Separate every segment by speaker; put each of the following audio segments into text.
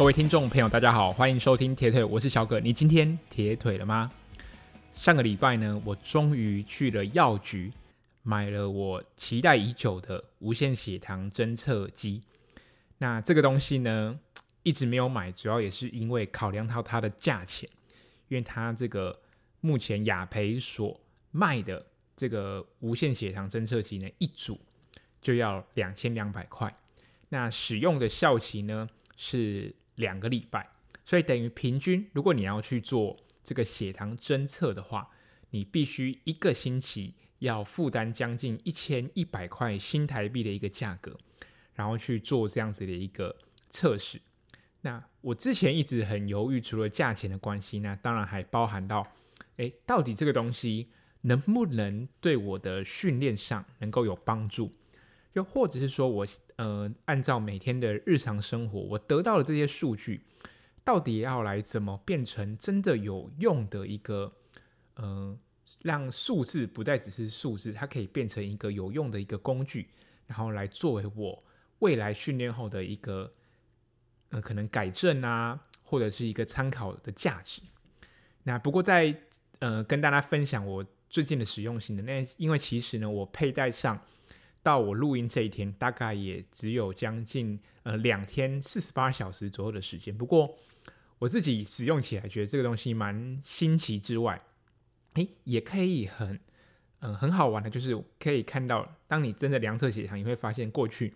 Speaker 1: 各位聽眾朋友，大家好，歡迎收聽鐵腿，我是小葛。你今天鐵腿了嗎？上個禮拜呢，我終於去了藥局，買了我期待已久的無線血糖偵測機。那這個東西呢，一直沒有買，主要也是因為考量到它的價錢，因為它這個目前亞培所賣的這個無線血糖偵測機呢，一組就要兩千兩百塊，那使用的效期呢是兩個禮拜，所以等於平均，如果你要去做這個血糖偵測的話，你必須一個星期要負擔將近一千一百塊新台幣的一個價格，然後去做這樣子的一個測試。那我之前一直很猶豫，除了價錢的關係，那當然還包含到，哎、欸，到底這個東西能不能對我的訓練上能夠有幫助？又或者是說我，我呃，按照每天的日常生活，我得到的這些數據，到底要來怎麼變成真的有用的一個？呃，讓數字不再只是數字，它可以變成一個有用的一個工具，然後來作為我未來訓練後的一個呃，可能改正啊，或者是一個參考的價值。那不過在呃，跟大家分享我最近的使用性的那，因為其實呢，我佩戴上。到我錄音這一天，大概也只有將近呃兩天四十八小時左右的時間。不過我自己使用起來，覺得這個東西蠻新奇之外，哎、欸，也可以很嗯、呃、很好玩的，就是可以看到，當你真的量測血糖，你會發現過去，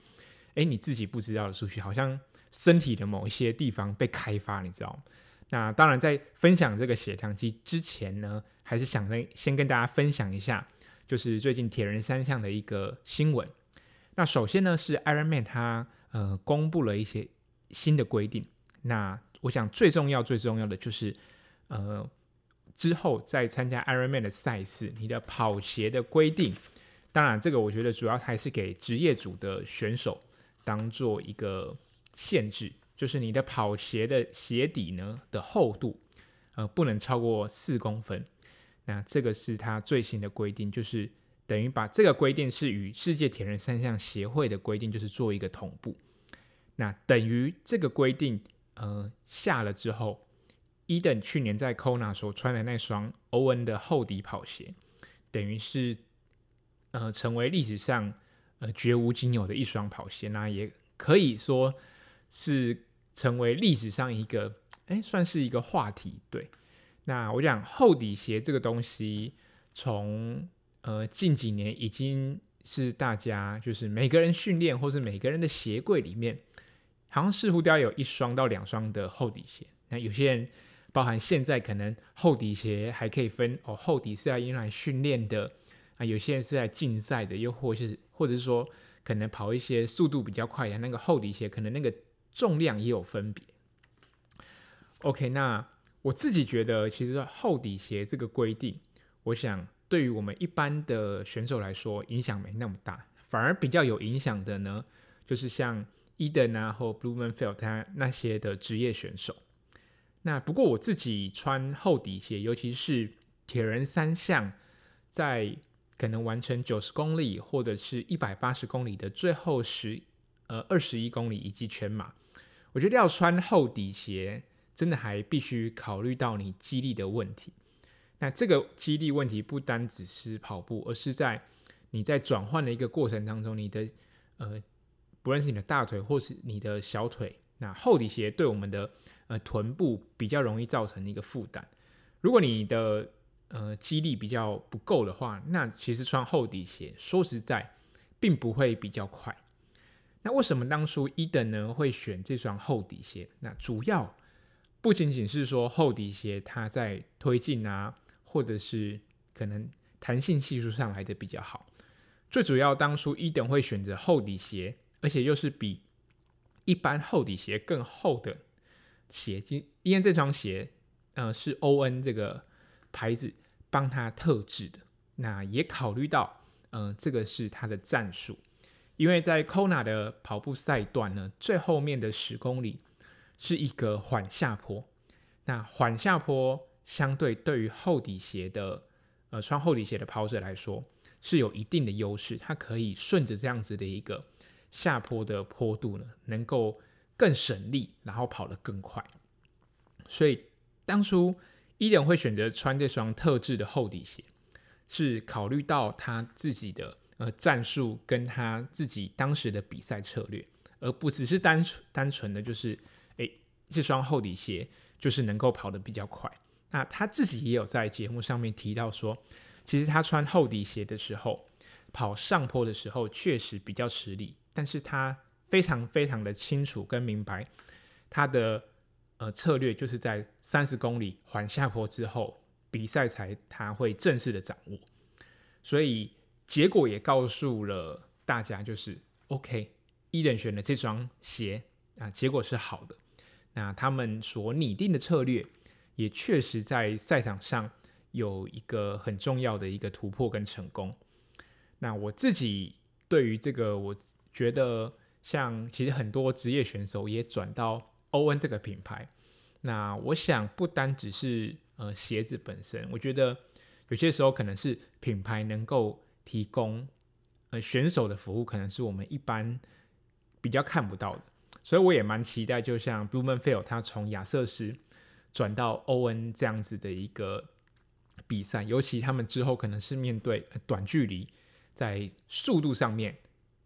Speaker 1: 哎、欸，你自己不知道的數據，好像身體的某一些地方被開發，你知道嗎？那當然，在分享這個血糖機之前呢，還是想跟先跟大家分享一下。就是最近鐵人三項的一個新聞。那首先呢，是 Ironman 他呃公布了一些新的規定。那我想最重要最重要的就是，呃，之後再參加 Ironman 的賽事，你的跑鞋的規定，當然這個我覺得主要還是給職業組的選手當做一個限制，就是你的跑鞋的鞋底呢的厚度，呃，不能超過四公分。那這個是他最新的規定，就是等於把這個規定是與世界鐵人三項協會的規定就是做一個同步。那等於這個規定呃下了之後，伊登去年在 Kona 所穿的那雙歐文的厚底跑鞋，等於是呃成為歷史上呃絕無僅有的一雙跑鞋，那也可以說是成為歷史上一個哎、欸、算是一個話題，對。那我講厚底鞋這個東西從，從呃近幾年已經是大家就是每個人訓練或是每個人的鞋櫃裡面，好像似乎都要有一雙到兩雙的厚底鞋。那有些人包含現在可能厚底鞋還可以分哦，厚底是要用來訓練的啊，那有些人是在競賽的，又或是或者是說可能跑一些速度比較快的，那個厚底鞋可能那個重量也有分別。OK，那。我自己覺得，其實厚底鞋這個規定，我想對於我們一般的選手來說，影響沒那麼大。反而比較有影響的呢，就是像 Eden 啊，或 Blumenfeld 他、啊、那些的職業選手。那不過我自己穿厚底鞋，尤其是鐵人三項，在可能完成九十公里或者是一百八十公里的最後十，呃，二十一公里以及全馬，我覺得要穿厚底鞋。真的還必須考慮到你肌力的問題。那這個肌力問題不單只是跑步，而是在你在轉換的一個過程當中，你的呃，不論是你的大腿或是你的小腿，那厚底鞋對我們的呃臀部比較容易造成一個負擔。如果你的呃肌力比較不夠的話，那其實穿厚底鞋說實在，並不會比較快。那為什麼當初 Eden 呢會選這雙厚底鞋？那主要。不僅僅是說厚底鞋它在推進啊，或者是可能彈性係數上來的比較好。最主要當初伊、e、Iden 會選擇厚底鞋，而且又是比一般厚底鞋更厚的鞋，因因為這雙鞋，呃，是 ON 這個牌子幫他特制的。那也考慮到，嗯，這個是他的戰術，因為在 Kona 的跑步賽段呢，最後面的十公里。是一個緩下坡，那緩下坡相對對於厚底鞋的呃穿厚底鞋的跑者來說是有一定的優勢，它可以順着這樣子的一個下坡的坡度呢，能夠更省力，然後跑得更快。所以當初伊人會選擇穿這雙特制的厚底鞋，是考慮到他自己的呃戰術跟他自己當時的比賽策略，而不只是單純單純的就是。這雙厚底鞋就是能夠跑得比較快。那他自己也有在節目上面提到說，其實他穿厚底鞋的時候，跑上坡的時候確實比較吃力。但是他非常非常的清楚跟明白，他的呃策略就是在三十公里緩下坡之後，比賽才他會正式的掌握。所以結果也告訴了大家，就是 OK，伊藤選的這雙鞋啊、呃，結果是好的。那他們所擬定的策略，也確實在賽場上有一個很重要的一個突破跟成功。那我自己對於這個，我覺得像其實很多職業選手也轉到 On 這個品牌。那我想不單只是呃鞋子本身，我覺得有些時候可能是品牌能夠提供呃選手的服務，可能是我們一般比較看不到的。所以我也蠻期待，就像 Blummenfelt 他從亞瑟士轉到 On 這樣子的一個比賽，尤其他們之後可能是面對短距離，在速度上面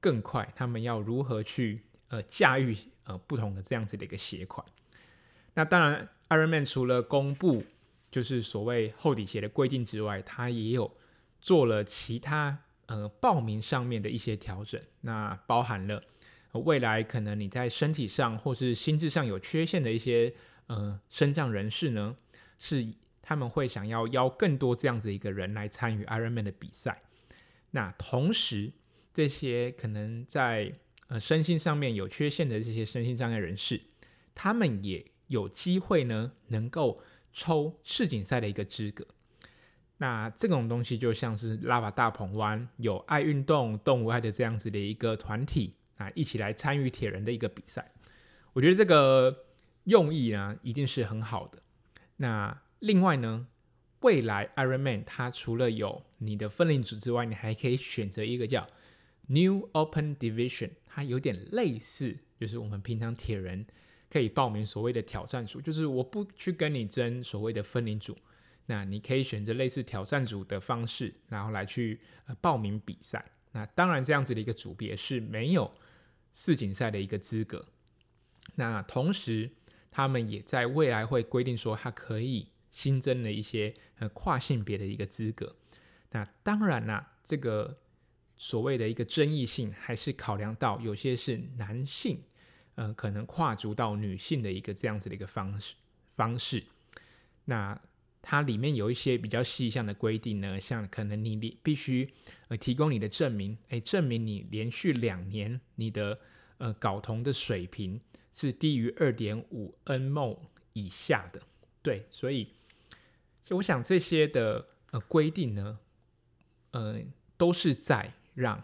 Speaker 1: 更快，他們要如何去呃駕馭呃不同的這樣子的一個鞋款？那當然，Ironman 除了公布就是所謂厚底鞋的規定之外，他也有做了其他呃報名上面的一些調整，那包含了。未來可能你在身體上或是心智上有缺陷的一些呃身障人士呢，是他們會想要邀更多這樣子一個人來參與 Ironman 的比賽。那同時，這些可能在呃身心上面有缺陷的這些身心障礙人士，他們也有機會呢，能夠抽世錦賽的一個資格。那這種東西就像是拉瓦大鵬灣有愛運動動物愛的這樣子的一個團體。啊，一起來參與鐵人的一個比賽，我覺得這個用意呢，一定是很好的。那另外呢，未來 Iron Man 它除了有你的分齡組之外，你還可以選擇一個叫 New Open Division，它有點類似，就是我們平常鐵人可以報名所謂的挑戰組，就是我不去跟你爭所謂的分齡組，那你可以選擇類似挑戰組的方式，然後來去報名比賽。那當然這樣子的一個組別是沒有。世錦賽的一個資格，那同時他們也在未來會規定說，它可以新增了一些呃跨性別的一個資格。那當然啦啊，這個所謂的一個爭議性，還是考量到有些是男性，呃，可能跨足到女性的一個這樣子的一個方式方式。那。它裡面有一些比較細項的規定呢，像可能你必必須呃提供你的證明，誒，證明你連續兩年你的呃睾酮的水平是低於二點五 nmol 以下的。對，所以，所以我想這些的呃規定呢，呃，都是在讓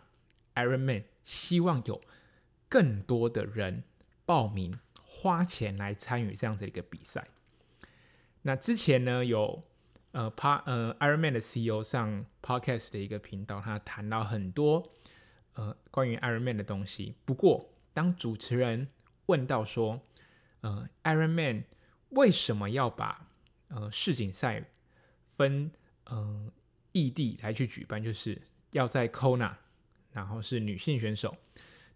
Speaker 1: Ironman 希望有更多的人報名花錢來參與這樣子一個比賽。那之前呢，有呃帕，呃，po，呃 Iron Man 的 CEO 上 podcast 的一個頻道，他談到很多呃關於 Iron Man 的東西。不過，當主持人問到說，呃，Iron Man 為什麼要把呃世錦賽分呃異地來去舉辦，就是要在 Kona 然後是女性選手；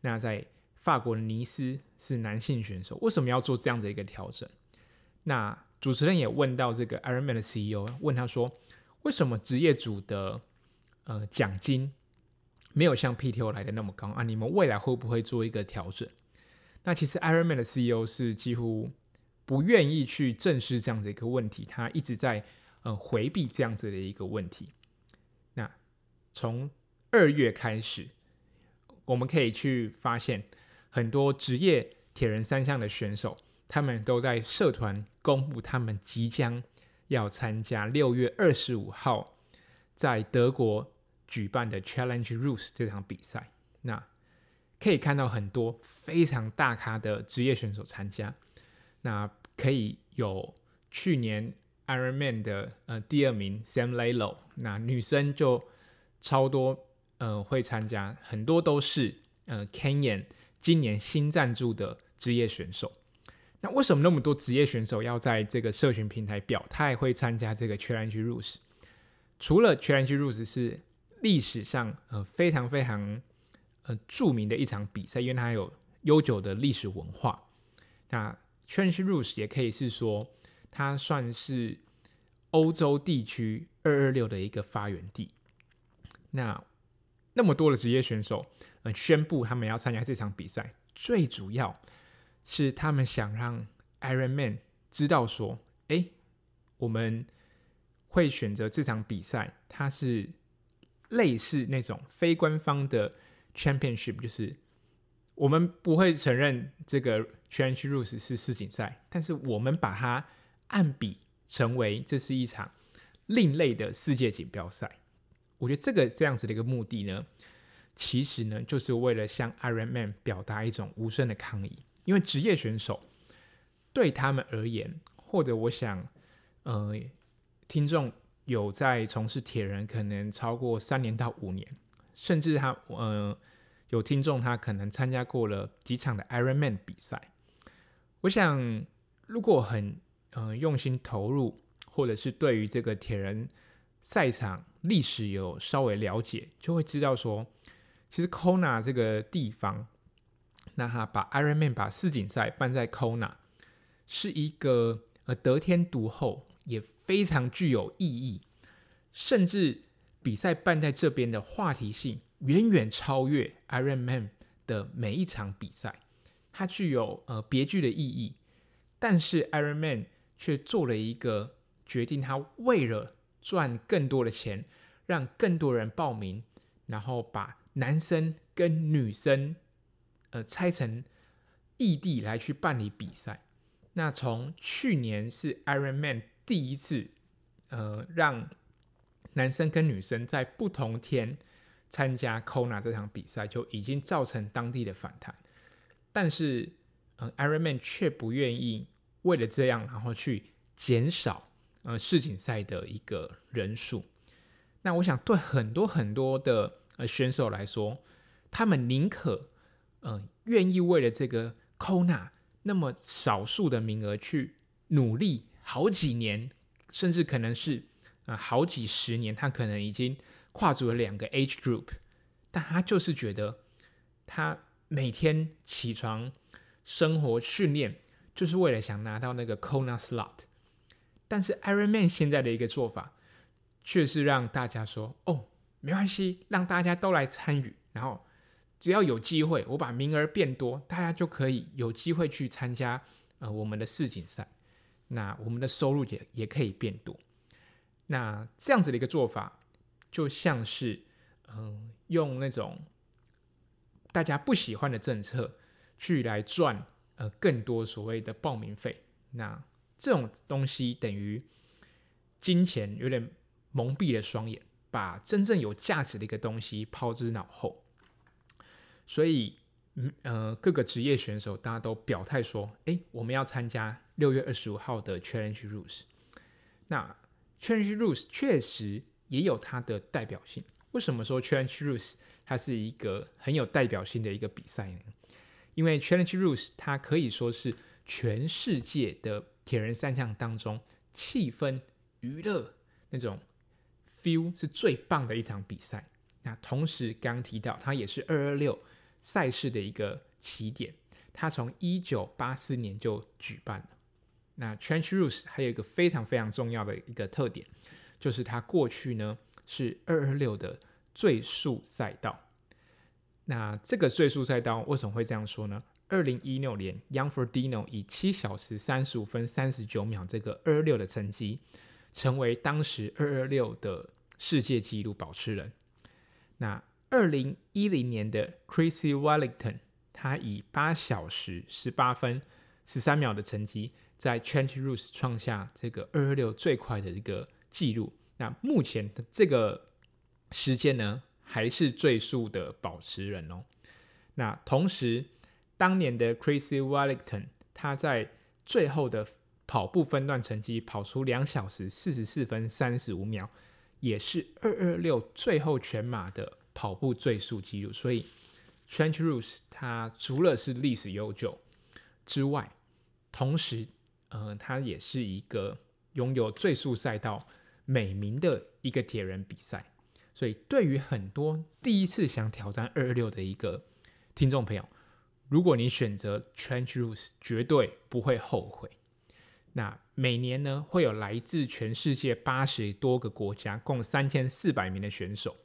Speaker 1: 那在法國的尼斯是男性選手，為什麼要做這樣的一個調整？那主持人也問到這個 Ironman 的 CEO，問他說：“為什麼職業組的呃獎金沒有像 PTO 來的那麼高啊？你們未來會不會做一個調整？”那其實 Ironman 的 CEO 是幾乎不願意去正視這樣子一個問題，他一直在呃回避這樣子的一個問題。那從二月開始，我們可以去發現很多職業鐵人三項的選手。他們都在社團公布他們即將要參加六月二十五號在德國舉辦的 Challenge Roth 這場比賽。那可以看到很多非常大咖的職業選手參加。那可以有去年 Ironman 的呃第二名 Sam Laidlow。那女生就超多，嗯、呃，會參加很多都是呃 Canyon 今年新贊助的職業選手。那為什麼那麼多職業選手要在這個社群平台表態會參加這個 Challenge Roth？除了 Challenge Roth 是歷史上呃非常非常呃著名的一場比賽，因為它有悠久的歷史文化。那 Challenge Roth 也可以是說，它算是歐洲地區二二六的一個發源地。那那麼多的職業選手，呃，宣布他們要參加這場比賽，最主要。是他們想讓 Iron Man 知道說：“誒，我們會選擇這場比賽，它是類似那種非官方的 championship，就是我們不會承認這個 Championship Rules 是世錦賽，但是我們把它按比成為這是一場另類的世界錦標賽。”我覺得這個這樣子的一個目的呢，其實呢，就是為了向 Iron Man 表達一種無聲的抗議。因為職業選手對他們而言，或者我想，呃，聽眾有在從事鐵人可能超過三年到五年，甚至他，呃，有聽眾他可能參加過了幾場的 Ironman 比賽。我想，如果很嗯、呃、用心投入，或者是對於這個鐵人賽場歷史有稍微了解，就會知道說，其實 Kona 這個地方。那哈，把 Iron Man 把世錦賽辦在 Kona，是一個呃得天獨厚，也非常具有意義。甚至比賽辦在這邊的話題性遠遠超越 Iron Man 的每一場比賽，它具有呃別具的意義。但是 Iron Man 卻做了一個決定，他為了賺更多的錢，讓更多人報名，然後把男生跟女生，呃，拆成異地來去辦理比賽。那從去年是 Iron Man 第一次，呃，讓男生跟女生在不同天參加 Kona 這場比賽，就已經造成當地的反彈。但是，嗯，呃，Iron Man 卻不願意為了這樣，然後去減少呃世錦賽的一個人數。那我想，對很多很多的呃選手來說，他們寧可。嗯、願、呃、意為了這個 Kona 那麼少數的名額去努力好幾年，甚至可能是呃好幾十年，他可能已經跨足了兩個 age group，但他就是覺得他每天起床、生活、訓練，就是為了想拿到那個 Kona slot。但是 Ironman 現在的一個做法，卻是讓大家說：“哦，沒關係，讓大家都來參與。”然後。只要有機會，我把名額變多，大家就可以有機會去參加呃我們的世錦賽，那我們的收入也也可以變多。那這樣子的一個做法，就像是嗯、呃、用那種大家不喜歡的政策去來賺呃更多所謂的報名費。那這種東西等於金錢有點蒙蔽了雙眼，把真正有價值的一個東西拋之腦後。所以，嗯呃，各個職業選手大家都表態說：“誒，我們要參加六月二十五號的 Challenge Roth。”那 Challenge Roth 確實也有它的代表性。為什麼說 Challenge Roth 它是一個很有代表性的一個比賽呢？因為 Challenge Roth 它可以說是全世界的鐵人三項當中氣氛娛樂那種 feel 是最棒的一場比賽。那同時，剛剛提到它也是二二六。賽事的一個起點，它從一九八四年就舉辦了。那 Challenge Roth 還有一個非常非常重要的一個特點，就是它過去呢是二二六的最速賽道。那這個最速賽道為什麼會這樣說呢？二零一六年，Jan Frodeno 以七小時三十五分三十九秒這個二二六的成績，成為當時二二六的世界紀錄保持人。那二零一零年的 Chrissie Wellington，他以八小時十八分十三秒的成績，在 Challenge Roth 創下這個二二六最快的一個記錄。那目前的這個時間呢，還是最速的保持人哦。那同時，當年的 Chrissie Wellington，他在最後的跑步分段成績跑出兩小時四十四分三十五秒，也是二二六最後全馬的跑步最速紀錄，所以 Challenge Roth 它除了是歷史悠久之外，同時，嗯、呃、它也是一個擁有最速賽道美名的一個鐵人比賽。所以，對於很多第一次想挑戰二二六的一個聽眾朋友，如果你選擇 Challenge Roth 絕對不會後悔。那每年呢，會有來自全世界八十多個國家，共三千四百名的選手。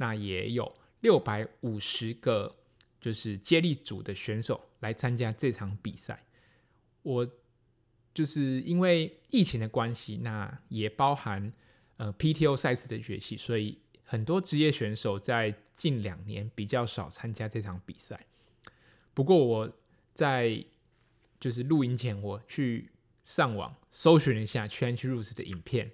Speaker 1: 那也有六百五十個，就是接力組的選手來參加這場比賽。我就是因為疫情的關係，那也包含呃 PTO 賽事的崛起，所以很多職業選手在近兩年比較少參加這場比賽。不過我在就是錄影前，我去上網搜尋一下 Challenge Roth 的影片，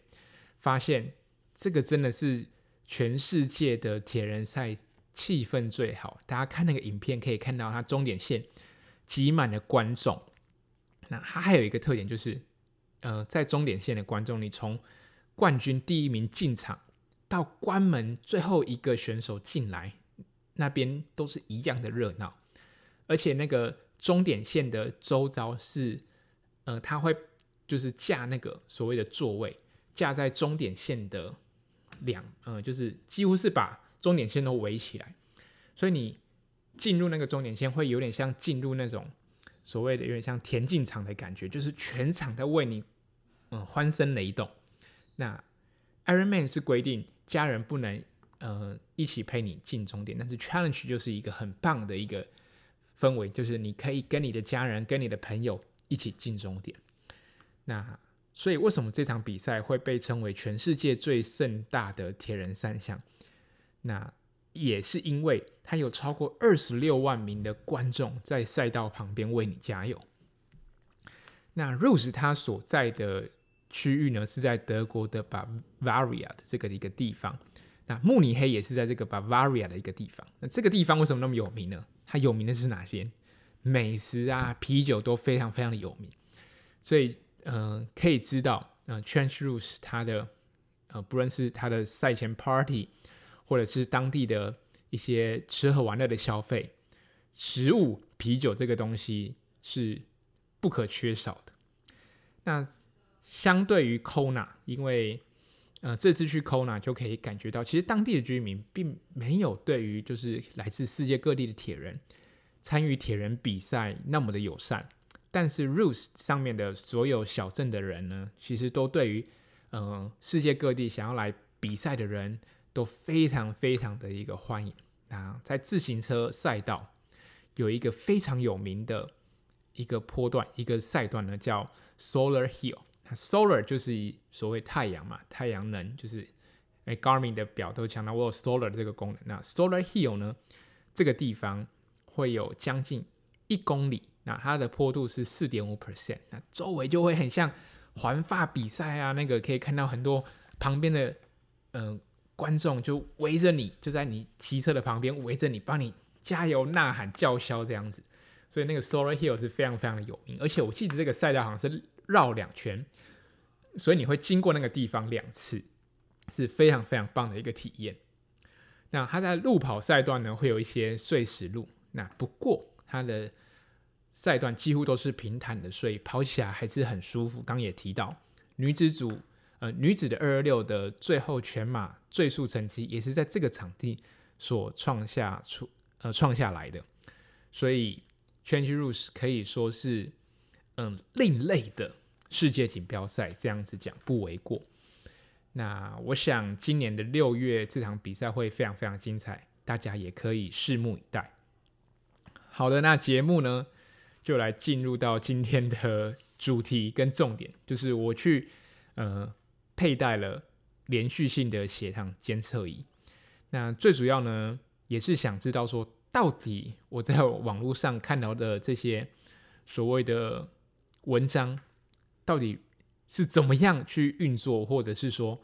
Speaker 1: 發現這個真的是。全世界的鐵人賽氣氛最好，大家看那個影片可以看到，它終點線擠滿了觀眾。那它還有一個特點就是，呃，在終點線的觀眾，你從冠軍第一名進場到關門最後一個選手進來，那邊都是一樣的熱鬧。而且那個終點線的周遭是，呃，他會就是架那個所謂的座位，架在終點線的。兩呃、嗯，就是幾乎是把終點線都圍起來，所以你進入那個終點線會有點像進入那種所謂的有點像田徑場的感覺，就是全場在為你嗯歡聲雷動。那 Iron Man 是規定家人不能嗯、呃、一起陪你進終點，但是 Challenge 就是一個很棒的一個氛圍，就是你可以跟你的家人、跟你的朋友一起進終點。那所以，為什麼這場比賽會被稱為全世界最盛大的鐵人三項？那也是因為它有超過二十六萬名的觀眾在賽道旁邊為你加油。那 Rose 他所在的區域呢，是在德國的 Bavaria 的這個一個地方。那慕尼黑也是在這個 Bavaria 的一個地方。那這個地方為什麼那麼有名呢？它有名的是哪些美食啊？啤酒都非常非常的有名，所以。嗯、呃，可以知道，嗯、呃，Trancheuse 他的，呃，不論是他的賽前 party，或者是當地的一些吃喝玩樂的消費，食物、啤酒這個東西是不可缺少的。那相對於 Kona，因為，呃，這次去 Kona 就可以感覺到，其實當地的居民並沒有對於就是來自世界各地的鐵人參與鐵人比賽那麼的友善。但是 r o o s 上面的所有小鎮的人呢，其實都對於，嗯、呃，世界各地想要來比賽的人都非常非常的一個歡迎。啊，在自行車賽道有一個非常有名的一個坡段，一個賽段呢，叫 Solar Hill。那 Solar 就是所謂太陽嘛，太陽能就是，哎，Garmin 的表都強調我有 Solar 這個功能。那 Solar Hill 呢，這個地方會有將近一公里。那它的坡度是四點五 percent，那周圍就會很像環法比賽啊，那個可以看到很多旁邊的嗯、呃、觀眾就圍着你，就在你騎車的旁邊圍着你，幫你加油吶喊叫囂這樣子。所以那個 Solar Hill 是非常非常的有名，而且我記得這個賽道好像是繞兩圈，所以你會經過那個地方兩次，是非常非常棒的一個體驗。那它在路跑賽段呢，會有一些碎石路，那不過它的。賽段幾乎都是平坦的，所以跑起來還是很舒服。剛也提到女子組，呃，女子的二二六的最後全馬最速成績也是在這個場地所創下出，呃，創下來的。所以，Challenge Roth 可以說是，嗯，另類的世界錦標賽，這樣子講不為過。那我想今年的六月這場比賽會非常非常精彩，大家也可以拭目以待。好的，那節目呢，就來進入到今天的主題跟重點，就是我去呃佩戴了連續性的血糖監測儀。那最主要呢，也是想知道說，到底我在我網絡上看到的這些所謂的文章，到底是怎麼樣去運作，或者是說，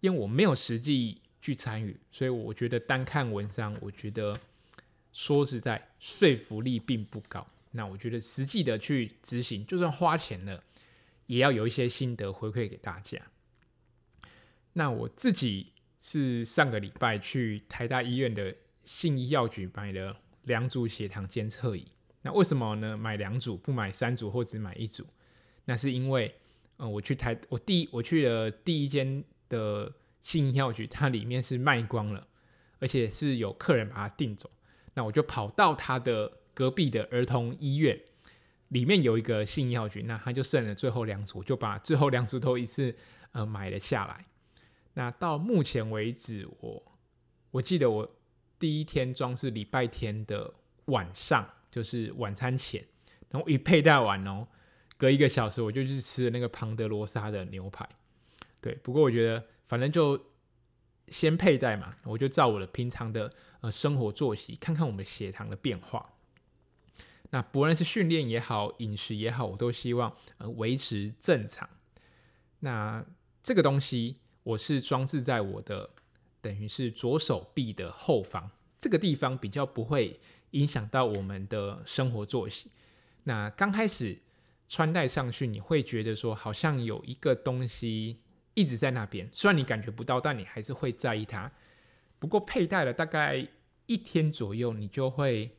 Speaker 1: 因為我沒有實際去參與，所以我覺得單看文章，我覺得說實在，說服力並不高。那我覺得實際的去執行，就算花錢了，也要有一些心得回饋給大家。那我自己是上個禮拜去台大醫院的杏一藥局買了兩組血糖監測儀。那為什麼呢？買兩組不買三組或只買一組？那是因為，嗯、呃、我去台我第一我去了第一間的杏一藥局，它裡面是賣光了，而且是有客人把它訂走。那我就跑到它的。隔壁的兒童醫院裡面有一個性藥局，那他就剩了最後兩組，就把最後兩組都一次呃買了下來。那到目前為止，我我記得我第一天裝是禮拜天的晚上，就是晚餐前，然後一佩戴完哦、喔，隔一個小時我就去吃了那個龐德羅莎的牛排。對，不過我覺得反正就先佩戴嘛，我就照我的平常的呃生活作息，看看我們血糖的變化。那不論是訓練也好，飲食也好，我都希望呃維持正常。那這個東西我是裝置在我的等於是左手臂的後方，這個地方比較不會影響到我們的生活作息。那剛開始穿戴上去，你會覺得說好像有一個東西一直在那邊，雖然你感覺不到，但你還是會在意它。不過佩戴了大概一天左右，你就會。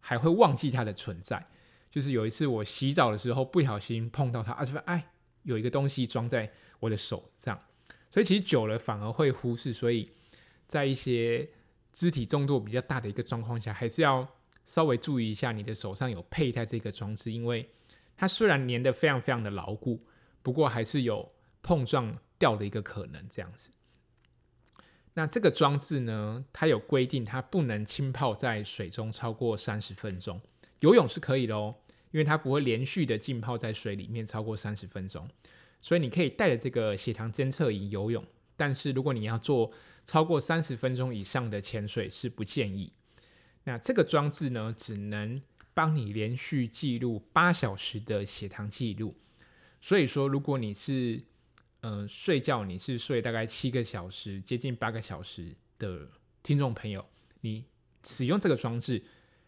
Speaker 1: 還會忘記它的存在，就是有一次我洗澡的時候不小心碰到它，啊，哎，有一個東西裝在我的手上，所以其實久了反而會忽視。所以在一些肢體動作比較大的一個狀況下，還是要稍微注意一下你的手上有佩戴這個裝置，因為它雖然粘得非常非常的牢固，不過還是有碰撞掉的一個可能，這樣子。那這個裝置呢，它有規定，它不能浸泡在水中超過三十分鐘。游泳是可以的哦，因為它不會連續的浸泡在水裡面超過三十分鐘，所以你可以帶着這個血糖監測儀游泳。但是如果你要做超過三十分鐘以上的潛水，是不建議。那這個裝置呢，只能幫你連續記錄八小時的血糖記錄。所以說，如果你是嗯、呃，睡覺你是睡大概七個小時，接近八個小時的聽眾朋友，你使用這個裝置，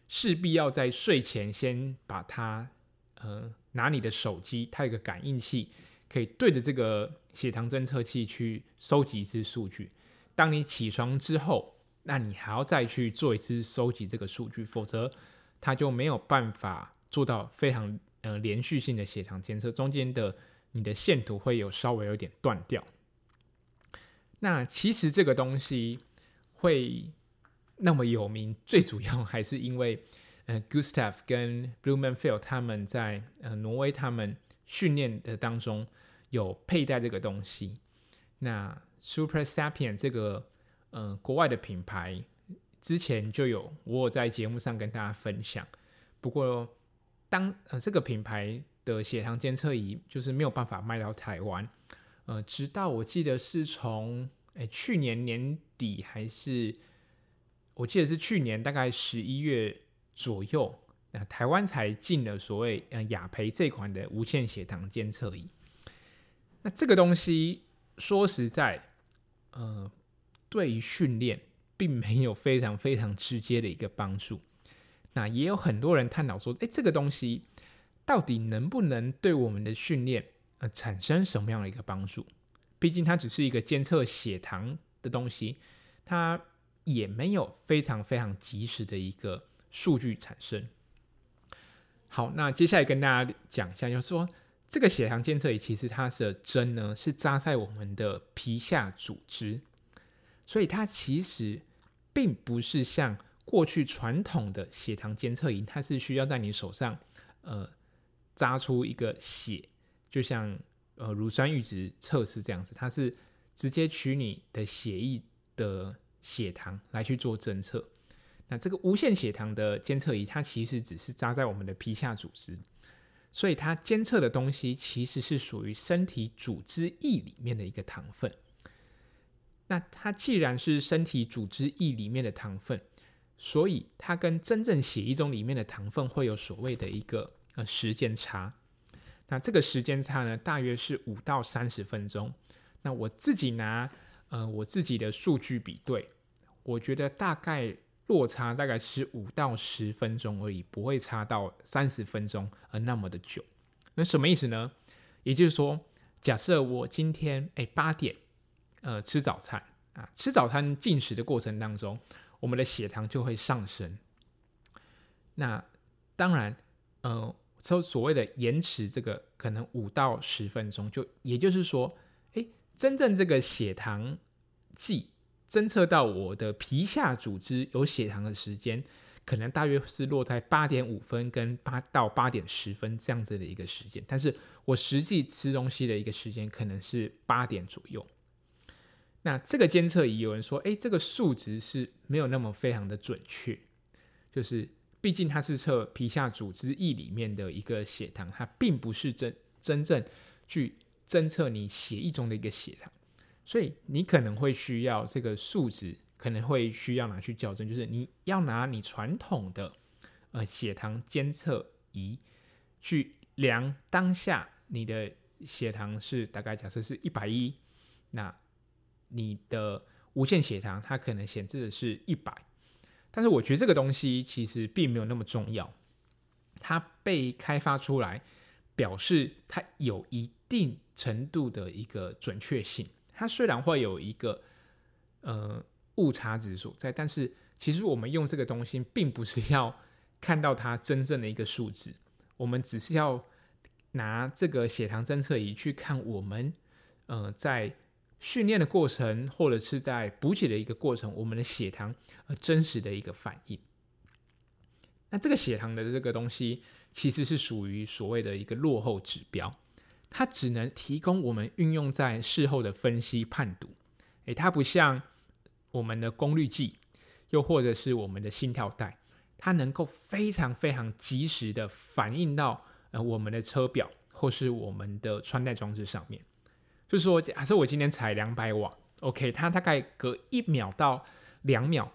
Speaker 1: 勢必要在睡前先把它，呃，拿你的手機，它有個感應器，可以對着這個血糖偵測器去收集一次數據。當你起床之後，那你還要再去做一次收集這個數據，否則它就沒有辦法做到非常呃連續性的血糖監測，中間的。你的線圖會有稍微有點斷掉。那其實這個東西會那麼有名，最主要還是因為呃，Gustav 跟 Blumenfeld 他們在，呃，挪威，他們訓練的當中有佩戴這個東西。那 Super Sapien 這個呃國外的品牌之前就有，我有在節目上跟大家分享。不過當呃這個品牌的血糖監測儀就是沒有辦法賣到台灣，呃，直到我記得是從哎、欸、去年年底還是我記得是去年大概十一月左右，那台灣才進了所謂呃亞培這款的無線血糖監測儀。那這個東西說實在，呃，對於訓練並沒有非常非常直接的一個幫助。那也有很多人探討說，哎，這個東西。到底能不能對我們的訓練呃產生什麼樣的一個幫助？畢竟它只是一個監測血糖的東西，它也沒有非常非常及時的一個數據產生。好，那接下來跟大家講一下，就是說這個血糖監測儀其實它的針呢是扎在我們的皮下組織，所以它其實並不是像過去傳統的血糖監測儀，它是需要在你手上呃。扎出一個血，就像呃乳酸閾值測試這樣子，它是直接取你的血液的血糖來去做偵測。那這個無線血糖的監測儀，它其實只是扎在我們的皮下組織，所以它監測的東西其實是屬於身體組織液裡面的一個糖分。那它既然是身體組織液裡面的糖分，所以它跟真正血液中裡面的糖分會有所謂的一個。呃，時間差，那這個時間差呢，大約是五到三十分鐘。那我自己拿呃我自己的數據比對，我覺得大概落差大概是五到十分鐘而已，不會差到三十分鐘呃，那麼的久。那什麼意思呢？也就是說，假設我今天哎八點呃吃早餐啊，吃早餐進食的過程當中，我們的血糖就會上升。那當然。嗯，所、呃、所謂的延遲，這個可能五到十分鐘，就也就是說，哎，真正這個血糖計偵測到我的皮下組織有血糖的時間，可能大約是落在八點五分跟八到八點十分這樣子的一個時間，但是我實際吃東西的一個時間可能是八點左右。那這個監測儀有人說，哎，這個數值是沒有那麼非常的準確，就是。畢竟它是測皮下組織液裡面的一個血糖，它並不是真真正去偵測你血液中的一個血糖，所以你可能會需要這個數值，可能會需要拿去校正，就是你要拿你傳統的呃血糖監測儀去量當下你的血糖是大概，假設是一百一，那你的無線血糖它可能顯示的是一百。但是我覺得這個東西其實並沒有那麼重要，它被開發出來，表示它有一定程度的一個準確性。它雖然會有一個呃誤差值所在，但是其實我們用這個東西並不是要看到它真正的一個數值，我們只是要拿這個血糖偵測儀去看我們，呃，在。訓練的過程，或者是在補給的一個過程，我們的血糖真實的一個反應。那這個血糖的這個東西，其實是屬於所謂的一個落後指標，它只能提供我們運用在事後的分析判讀。誒、欸，它不像我們的功率計，又或者是我們的心跳帶，它能夠非常非常及時的反映到呃我們的車錶或是我們的穿戴裝置上面。就是說，假設我今天踩兩百瓦，OK，它大概隔一秒到兩秒，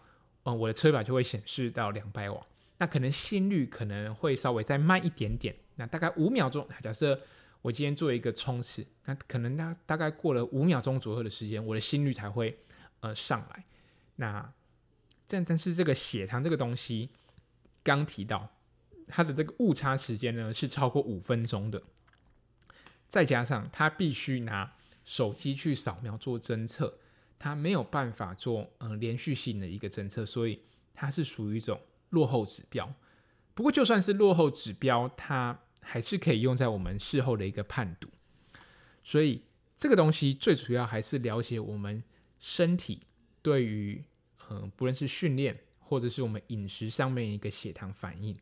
Speaker 1: 呃，我的車表就會顯示到兩百瓦。那可能心率可能會稍微再慢一點點。那大概五秒鐘，假設我今天做一個衝刺，那可能大大概過了五秒鐘左右的時間，我的心率才會呃上來。那但但是這個血糖這個東西，剛提到它的這個誤差時間呢，是超過五分鐘的，再加上它必須拿。手機去掃描做偵測，它沒有辦法做嗯、呃、連續性的一個偵測，所以它是屬於一種落後指標。不過就算是落後指標，它還是可以用在我們事後的一個判讀。所以這個東西最主要還是了解我們身體對於嗯、呃、不論是訓練或者是我們飲食上面一個血糖反應。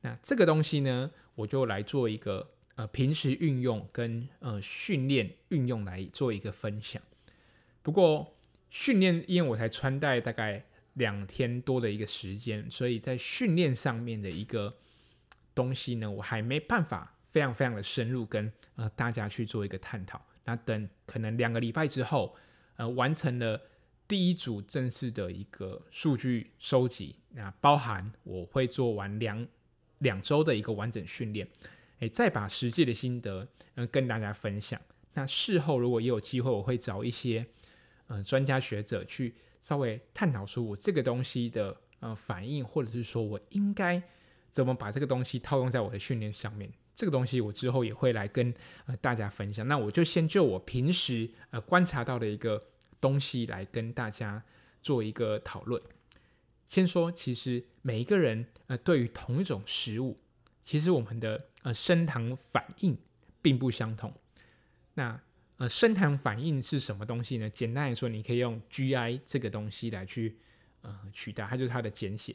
Speaker 1: 那這個東西呢，我就來做一個。呃，平時運用跟呃訓練運用來做一個分享。不過訓練，因為我才穿戴大概兩天多的一個時間，所以在訓練上面的一個東西呢，我還沒辦法非常非常的深入跟呃大家去做一個探討。那等可能兩個禮拜之後，呃，完成了第一組正式的一個數據收集，那包含我會做完兩兩周的一個完整訓練。哎、欸，再把實際的心得，呃，跟大家分享。那事後如果也有機會，我會找一些，呃，專家學者去稍微探討說，我這個東西的呃反應，或者是說我應該怎麼把這個東西套用在我的訓練上面。這個東西我之後也會來跟呃大家分享。那我就先就我平時呃觀察到的一個東西來跟大家做一個討論。先說，其實每一個人呃對於同一種食物。其實我們的呃升糖反應並不相同。那呃升糖反應是什麼東西呢？簡單來說，你可以用 GI 這個東西來去呃取代，它就是它的簡寫。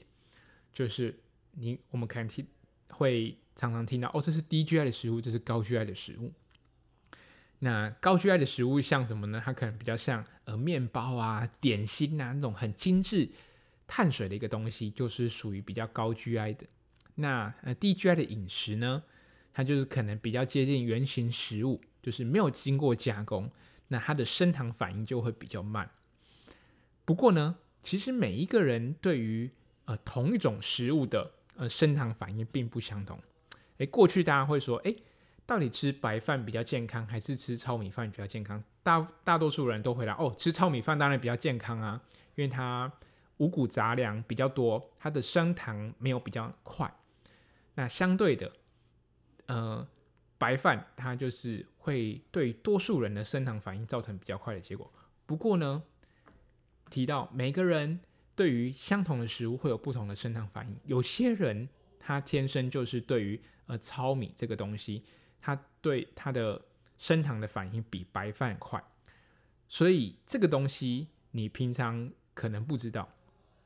Speaker 1: 就是你我們可能聽會常常聽到哦，這是低 GI 的食物，這是高 GI 的食物。那高 GI 的食物像什麼呢？它可能比較像呃麵包啊、點心啊那種很精緻碳水的一個東西，就是屬於比較高 GI 的。那呃，低 GI 的飲食呢，它就是可能比較接近原型食物，就是沒有經過加工。那它的升糖反應就會比較慢。不過呢，其實每一個人對於呃同一種食物的呃升糖反應並不相同。誒、欸，過去大家會說，哎、欸，到底吃白飯比較健康，還是吃糙米飯比較健康？大大多數人都回答，哦，吃糙米飯當然比較健康啊，因為它五穀雜糧比較多，它的升糖沒有比較快。那相對的，呃，白飯它就是會對多數人的升糖反應造成比較快的結果。不過呢，提到每個人對於相同的食物會有不同的升糖反應，有些人他天生就是對於呃糙米這個東西，他對他的升糖的反應比白飯快。所以這個東西你平常可能不知道。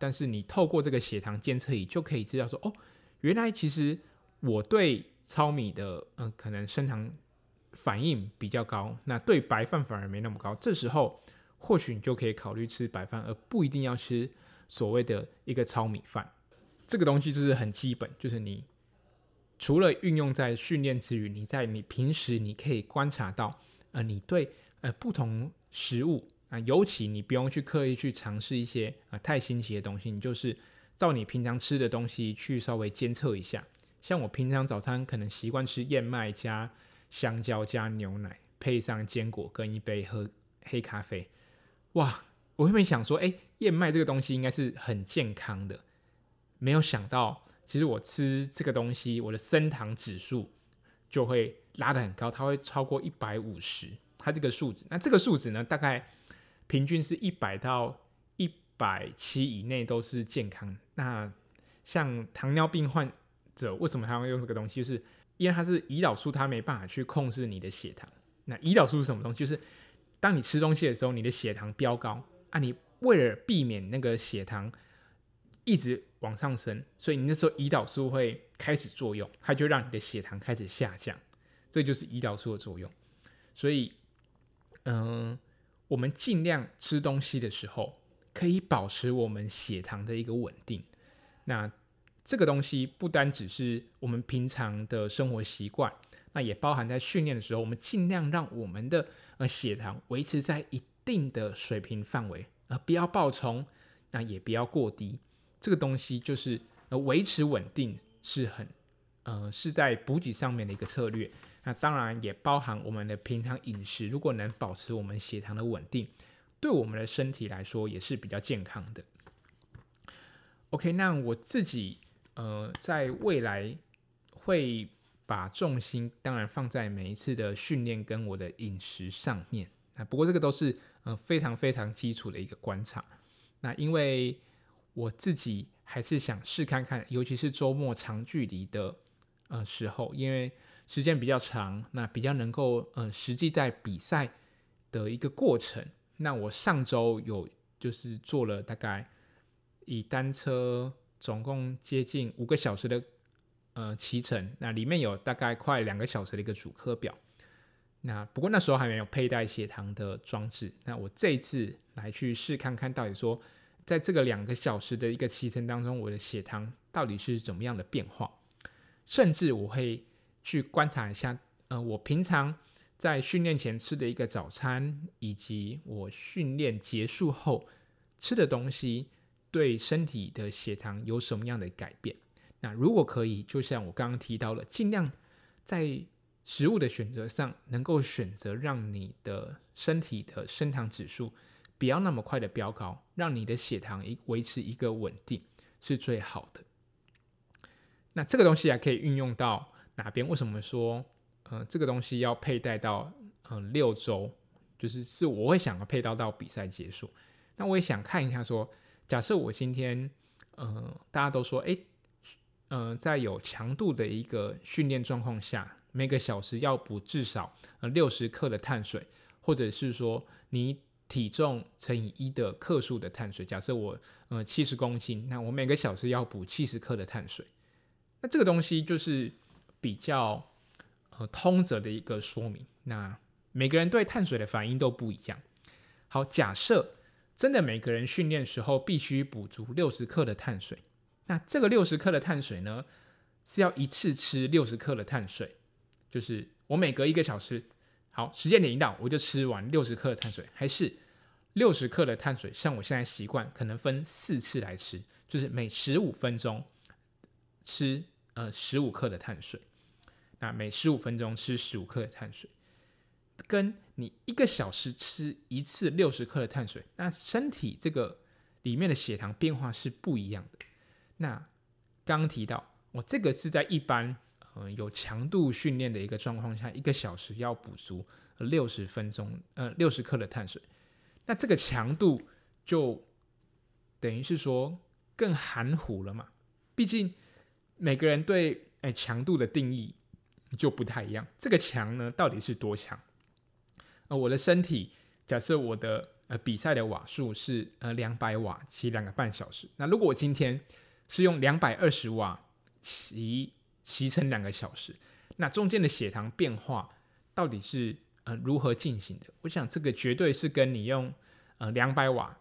Speaker 1: 但是你透過這個血糖監測儀就可以知道說，哦，原來其實我對糙米的，嗯、呃，可能升糖反應比較高，那對白飯反而沒那麼高。這時候或許你就可以考慮吃白飯，而不一定要吃所謂的一個糙米飯。這個東西就是很基本，就是你除了運用在訓練之餘，你在你平時你可以觀察到，呃，你對呃不同食物。啊，尤其你不用去刻意去嘗試一些啊、呃、太新奇的東西，你就是照你平常吃的東西去稍微監測一下。像我平常早餐可能習慣吃燕麥加香蕉加牛奶，配上堅果跟一杯喝黑咖啡。哇，我後面想說，哎、欸，燕麥這個東西應該是很健康的，沒有想到，其實我吃這個東西，我的升糖指數就會拉得很高，它會超過一百五十，它這個數值。那這個數值呢，大概。平均是一百到一百七以內都是健康。那像糖尿病患者，為什麼還要用這個東西？就是因為它是胰島素，它沒辦法去控制你的血糖。那胰島素是什麼東西？就是當你吃東西的時候，你的血糖飆高啊，你為了避免那個血糖一直往上升，所以你那時候胰島素會開始作用，它就讓你的血糖開始下降。這就是胰島素的作用。所以，嗯。我們儘量吃東西的時候，可以保持我們血糖的一個穩定。那這個東西不單只是我們平常的生活習慣，那也包含在訓練的時候，我們儘量讓我們的呃血糖維持在一定的水平範圍，而、呃、不要暴衝，那、呃、也不要過低。這個東西就是呃維持穩定是很，呃，是在補給上面的一個策略。那當然也包含我們的平常飲食，如果能保持我們血糖的穩定，對我們的身體來說也是比較健康的。OK，那我自己呃，在未來會把重心當然放在每一次的訓練跟我的飲食上面啊。不過這個都是呃非常非常基礎的一個觀察。那因為我自己還是想試看看，尤其是周末長距離的呃時候，因為。時間比較長，那比較能夠嗯、呃、實際在比賽的一個過程。那我上周有就是做了大概以單車總共接近五個小時的呃騎乘，那裡面有大概快兩個小時的一個主課表。那不過那時候還沒有佩戴血糖的裝置。那我這一次來去試看看到底說，在這個兩個小時的一個騎乘當中，我的血糖到底是怎麼樣的變化，甚至我會。去觀察一下，呃，我平常在訓練前吃的一個早餐，以及我訓練結束後吃的東西，對身體的血糖有什麼樣的改變？那如果可以，就像我剛剛提到了，盡量在食物的選擇上，能夠選擇讓你的身體的升糖指數不要那麼快的飆高，讓你的血糖一維持一個穩定，是最好的。那這個東西還可以運用到。哪邊為什麼說，呃，這個東西要佩戴到，嗯、呃，六週，就是是我會想要佩戴到到比賽結束。那我也想看一下，說，假設我今天，嗯、呃，大家都說，誒、欸、嗯、呃，在有強度的一個訓練狀況下，每個小時要補至少呃六十克的碳水，或者是說你體重乘以一的克數的碳水。假設我，呃，七十公斤，那我每個小時要補七十克的碳水。那這個東西就是。比較呃通則的一個說明。那每個人對碳水的反應都不一樣。好，假設真的每個人訓練時候必須補足六十克的碳水，那這個六十克的碳水呢，是要一次吃六十克的碳水，就是我每隔一個小時，好，時間點一到，我就吃完六十克的碳水，還是六十克的碳水？像我現在習慣可能分四次來吃，就是每十五分鐘吃呃十五克的碳水。那每十五分鐘吃十五克的碳水，跟你一個小時吃一次六十克的碳水，那身體這個裡面的血糖變化是不一樣的。那剛提到，我這個是在一般嗯、呃、有強度訓練的一個狀況下，一個小時要補足六十分鐘呃六十克的碳水，那這個強度就等於是說更含糊了嘛？畢竟每個人對哎、欸，強度的定義，就不太一樣。這個強呢，到底是多強？呃，我的身體，假設我的呃比賽的瓦數是呃兩百瓦，騎兩個半小時。那如果我今天是用兩百二十瓦騎騎乘兩個小時，那中間的血糖變化到底是呃如何進行的？我想這個絕對是跟你用呃兩百瓦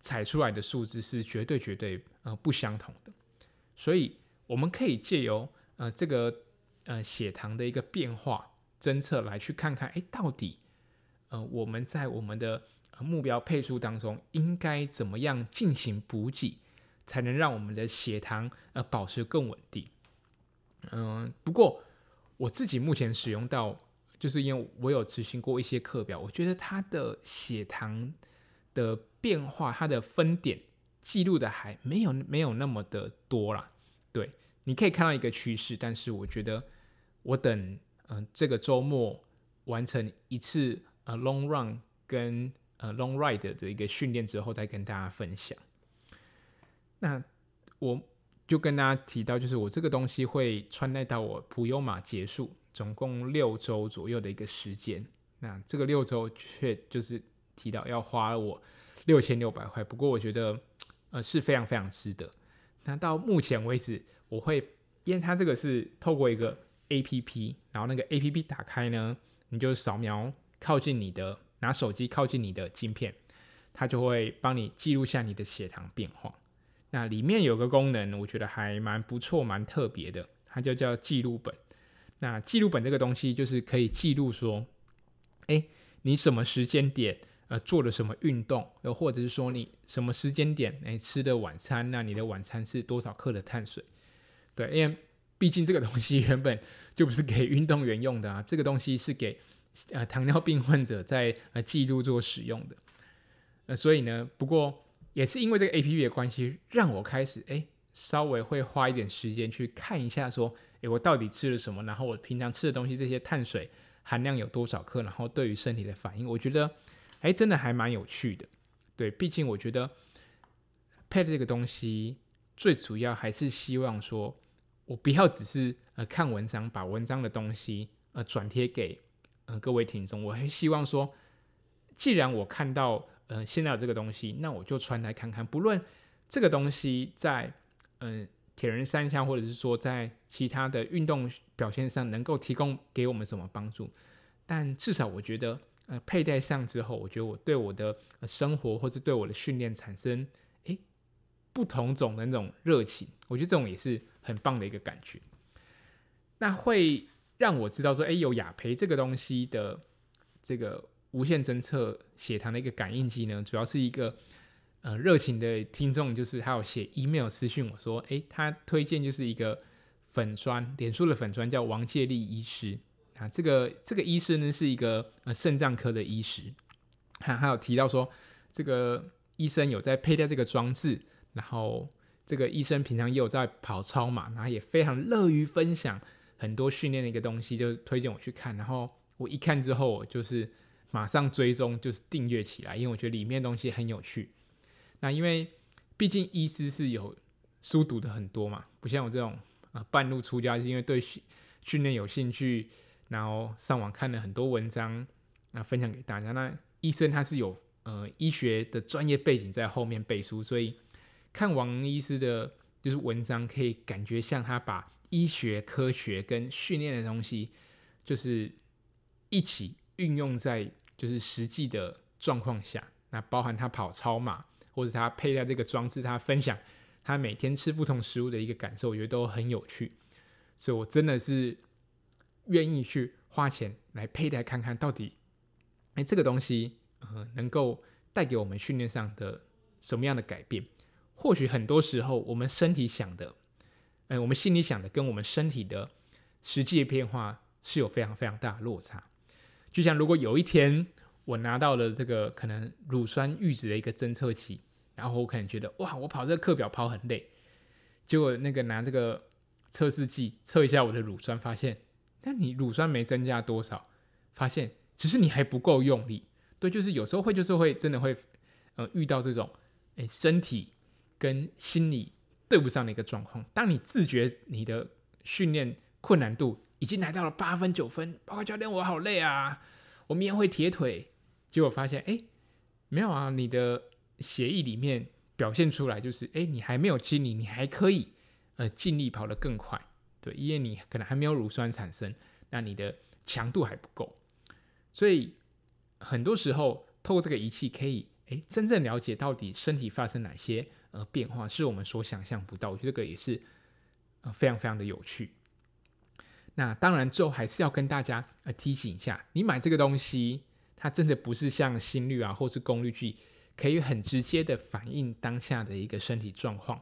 Speaker 1: 踩出來的數字是絕對絕對呃不相同的。所以我們可以借由呃這個。呃，血糖的一個變化偵測來去看看，哎，到底呃，我們在我們的目標配速當中應該怎麼樣進行補給，才能讓我們的血糖呃保持更穩定？嗯、呃，不過我自己目前使用到，就是因為我有執行過一些課表，我覺得它的血糖的變化，它的分點記錄的還沒有沒有那麼的多啦，對。你可以看到一個趨勢，但是我覺得我等嗯、呃、這個週末完成一次呃 long run 跟呃 long ride 的一個訓練之後，再跟大家分享。那我就跟大家提到，就是我這個東西會穿戴到我普悠瑪結束，總共六週左右的一個時間。那這個六週卻就是提到要花了我六千六百塊，不過我覺得呃是非常非常值得。那到目前為止。我會，因為它這個是透過一個 APP，然後那個 APP 打開呢，你就掃描靠近你的拿手機靠近你的晶片，它就會幫你記錄下你的血糖變化。那裡面有個功能，我覺得還蠻不錯，蠻特別的，它就叫記錄本。那記錄本這個東西就是可以記錄說，哎，你什麼時間點呃做了什麼運動，又或者是說你什麼時間點哎吃的晚餐，那你的晚餐是多少克的碳水？對，因為畢竟這個東西原本就不是給運動員用的啊，這個東西是給呃糖尿病患者，在呃記錄做使用的。呃，所以呢，不過也是因為這個 APP 的關係，讓我開始哎稍微會花一點時間去看一下說，說哎我到底吃了什麼，然後我平常吃的東西這些碳水含量有多少克，然後對於身體的反應，我覺得哎真的還蠻有趣的。對，畢竟我覺得配的這個東西。最主要還是希望說，我不要只是呃看文章，把文章的東西呃轉貼給呃各位聽眾。我還希望說，既然我看到呃現在有這個東西，那我就穿來看看。不論這個東西在嗯、呃、鐵人三項或者是說在其他的運動表現上能夠提供給我們什麼幫助，但至少我覺得呃佩戴上之後，我覺得我對我的、呃、生活或者對我的訓練產生。不同種的那種熱情，我覺得這種也是很棒的一個感覺。那會讓我知道說，哎、欸，有亞培這個東西的這個無線偵測血糖的一個感應機呢，主要是一個呃熱情的聽眾，就是他有寫 email 私訊我說，哎、欸，他推薦就是一個粉專，臉書的粉專叫王介立醫師啊。這個這個醫師呢是一個呃、腎臟科的醫師，還、啊、還有提到說，這個醫生有在佩戴這個裝置。然後這個醫生平常也有在跑超嘛，然後也非常樂於分享很多訓練的一個東西，就推薦我去看。然後我一看之後，就是馬上追蹤，就是訂閱起來，因為我覺得裡面的東西很有趣。那因為畢竟醫師是有書讀的很多嘛，不像我這種啊、呃、半路出家，是因為對訓練有興趣，然後上網看了很多文章，那、啊、分享給大家。那醫生他是有呃醫學的專業背景在後面背書，所以。看王醫師的，就是文章，可以感覺像他把醫學、科學跟訓練的東西，就是一起運用在就是實際的狀況下。那包含他跑超馬，或者他佩戴這個裝置，他分享他每天吃不同食物的一個感受，我覺得都很有趣。所以我真的是願意去花錢來佩戴看看到底，哎、欸，這個東西呃能夠帶給我們訓練上的什麼樣的改變？或許很多時候，我們身體想的，哎、呃，我們心裡想的，跟我們身體的實際變化是有非常非常大的落差。就像如果有一天我拿到了這個可能乳酸閾值的一個偵測器，然後我可能覺得哇，我跑這個課表跑很累，結果那個拿這個測試劑測一下我的乳酸，發現，但你乳酸沒增加多少，發現只是你還不夠用力。對，就是有時候會，就是會真的會，呃，遇到這種，哎、欸，身體。跟心理對不上的一個狀況，當你自覺你的訓練困難度已經來到了八分九分，包括教練，我好累啊，我明天會鐵腿，結果發現哎，沒有啊，你的協議裡面表現出來就是哎，你還沒有精力，你還可以呃盡力跑得更快，對，因為你可能還沒有乳酸產生，那你的強度還不夠，所以很多時候透過這個儀器可以哎，真正了解到底身體發生哪些。而變化是我們所想象不到，我覺得這個也是呃非常非常的有趣。那當然最後還是要跟大家呃提醒一下，你買這個東西，它真的不是像心率啊或是功率計可以很直接的反映當下的一個身體狀況。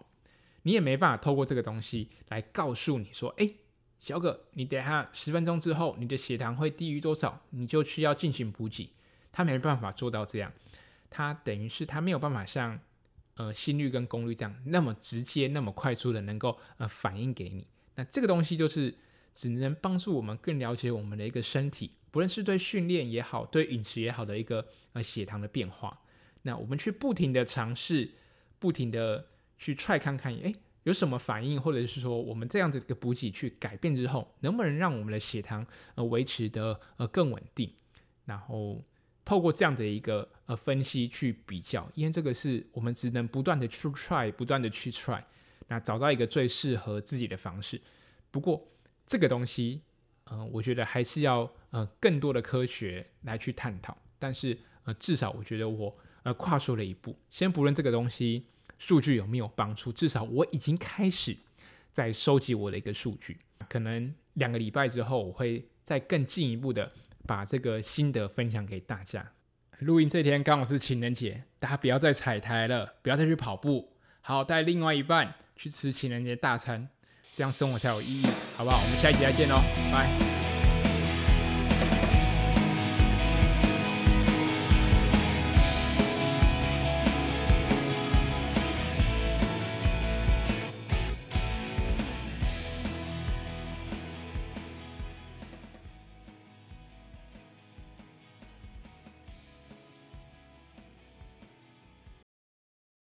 Speaker 1: 你也沒辦法透過這個東西來告訴你說，哎、欸，小葛，你等下十分鐘之後你的血糖會低於多少，你就需要進行補給。它沒辦法做到這樣，它等於是它沒有辦法像。呃，心率跟功率這樣那麼直接，那麼快速的能夠呃反應給你，那這個東西就是只能幫助我們更了解我們的一個身體，不論是對訓練也好，對飲食也好的一個呃血糖的變化。那我們去不停的嘗試，不停的去 try 看看，誒有什麼反應，或者是說我們這樣的一個補給去改變之後，能不能讓我們的血糖呃維持得呃更穩定，然後。透過這樣的一個呃分析去比較，因為這個是我們只能不斷的去 try，不斷的去 try，那找到一個最適合自己的方式。不過這個東西，嗯、呃，我覺得還是要呃更多的科學來去探討。但是呃，至少我覺得我呃跨出了一步。先不論這個東西數據有沒有幫助，至少我已經開始在收集我的一個數據。可能兩個禮拜之後，我會再更進一步的。把這個心得分享給大家。錄音這天剛好是情人節，大家不要再踩台了，不要再去跑步，好，帶另外一半去吃情人節大餐，這樣生活才有意義，好不好？我們下一集再見哦，拜。